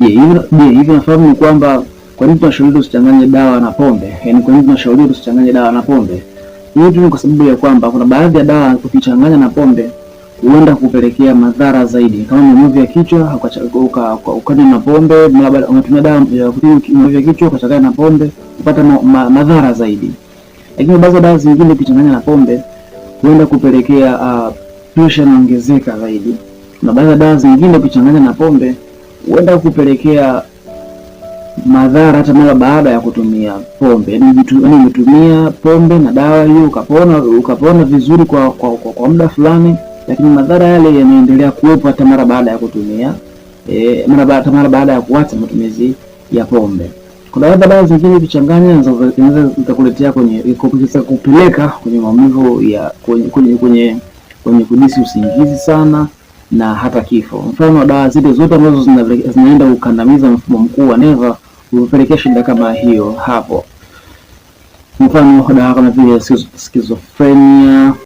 Je, hivi nafahamu ni kwamba kwa nini tunashauri tusichanganye dawa na pombe? Yaani kwa nini tunashauri tusichanganye dawa na pombe? Hii tu ni kwa sababu ya kwamba kuna baadhi ya dawa ukichanganya na pombe huenda kupelekea madhara zaidi, kama maumivu ya kichwa ukachanganya na pombe, unatumia dawa ya kutibu maumivu ya kichwa ukachanganya na pombe, upata ma, ma, madhara zaidi. Lakini baadhi ya dawa zingine ukichanganya na pombe huenda kupelekea uh, ah, pressure inaongezeka zaidi, na baadhi ya dawa zingine ukichanganya na pombe huenda kupelekea madhara hata mara baada ya kutumia pombe. Yaani, yaani umetumia pombe na dawa hiyo ukapona, ukapona vizuri kwa, kwa, kwa, kwa muda fulani, lakini madhara yale yanaendelea kuwepo hata mara baada ya kutumia e, hata mara baada ya kuacha matumizi ya pombe. Kuna baadhi dawa zingine ukichanganya zinaweza zikakuletea kwenye kupeleka kwenye maumivu ya kwenye kwenye kwenye kudisi usingizi sana na hata kifo. Mfano wa dawa zile zote ambazo zinaenda kukandamiza mfumo mkuu wa neva hupelekea shida kama hiyo hapo. Mfano dawa kama vile schizophrenia